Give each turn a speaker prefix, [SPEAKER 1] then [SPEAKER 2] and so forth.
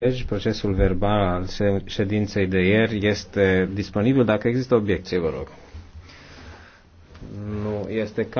[SPEAKER 1] Deci, procesul verbal al ședinței de ieri este disponibil. Dacă există obiecții, vă rog. Nu este cazul.